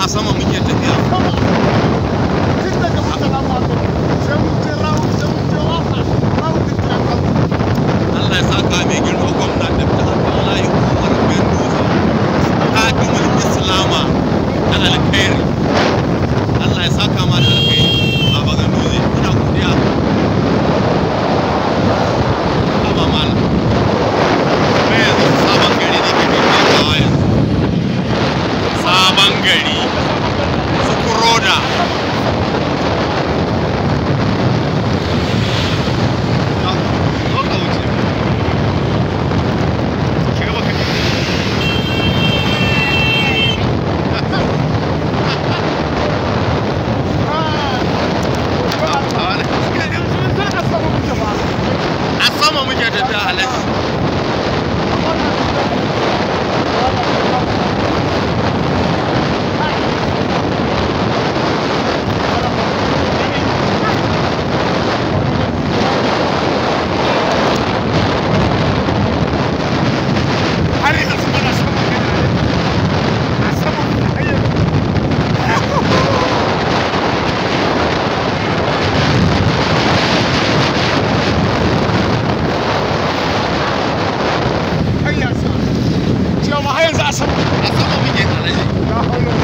a sama muke tafiya Allah ya saka alkhairi sabon gari su kuroda a sama